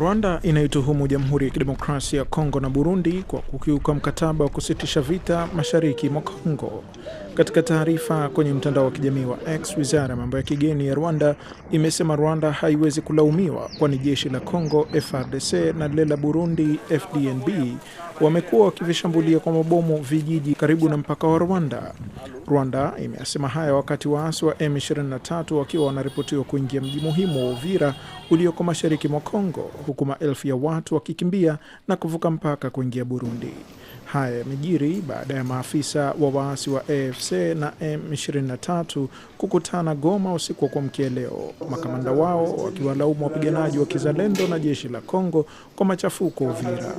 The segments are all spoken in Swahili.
Rwanda inaituhumu Jamhuri ya Kidemokrasia ya Kongo na Burundi kwa kukiuka mkataba wa kusitisha vita mashariki mwa Kongo. Katika taarifa kwenye mtandao wa kijamii wa X, Wizara ya Mambo ya Kigeni ya Rwanda imesema Rwanda haiwezi kulaumiwa kwani jeshi la Kongo frdc na lile la Burundi fdnb wamekuwa wakivishambulia kwa mabomu vijiji karibu na mpaka wa Rwanda. Rwanda imesema haya wakati waasi wa M23 wakiwa wanaripotiwa kuingia mji muhimu wa Uvira ulioko mashariki mwa Kongo, huku maelfu ya watu wakikimbia na kuvuka mpaka kuingia Burundi. Haya yamejiri baada ya maafisa wa waasi wa AFC na M23 kukutana Goma usiku wa kuamkia leo, makamanda wao wakiwalaumu wapiganaji wa kizalendo na jeshi la Kongo kwa machafuko Uvira.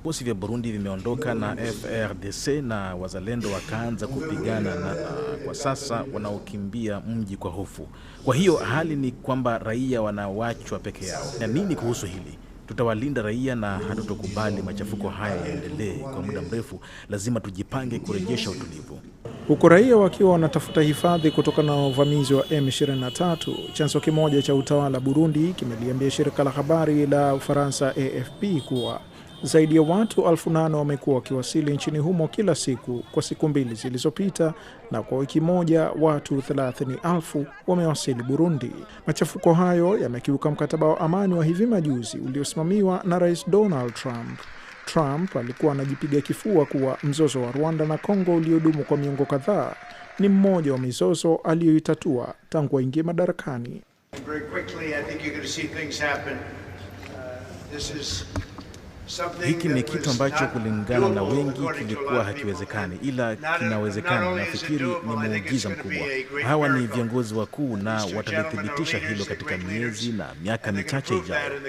Vikosi vya Burundi vimeondoka na FRDC na wazalendo wakaanza kupigana na uh, kwa sasa wanaokimbia mji kwa hofu. Kwa hiyo hali ni kwamba raia wanawachwa peke yao. Na nini kuhusu hili? Tutawalinda raia na hatutokubali machafuko haya yaendelee kwa muda mrefu. Lazima tujipange kurejesha utulivu. Huku raia wakiwa wanatafuta hifadhi kutokana na uvamizi wa M23, chanzo kimoja cha utawala Burundi kimeliambia shirika la habari la Ufaransa AFP kuwa zaidi ya watu elfu nane wamekuwa wakiwasili nchini humo kila siku kwa siku mbili zilizopita, na kwa wiki moja watu thelathini elfu wamewasili Burundi. Machafuko hayo yamekiuka mkataba wa amani wa hivi majuzi uliosimamiwa na Rais Donald Trump. Trump alikuwa anajipiga kifua kuwa mzozo wa Rwanda na Kongo uliodumu kwa miongo kadhaa ni mmoja wa mizozo aliyoitatua tangu aingie madarakani. Hiki ni kitu ambacho kulingana na wengi kilikuwa hakiwezekani, ila kinawezekana. Nafikiri ni muujiza mkubwa. Hawa ni viongozi wakuu na watalithibitisha hilo katika miezi na miaka michache ijayo.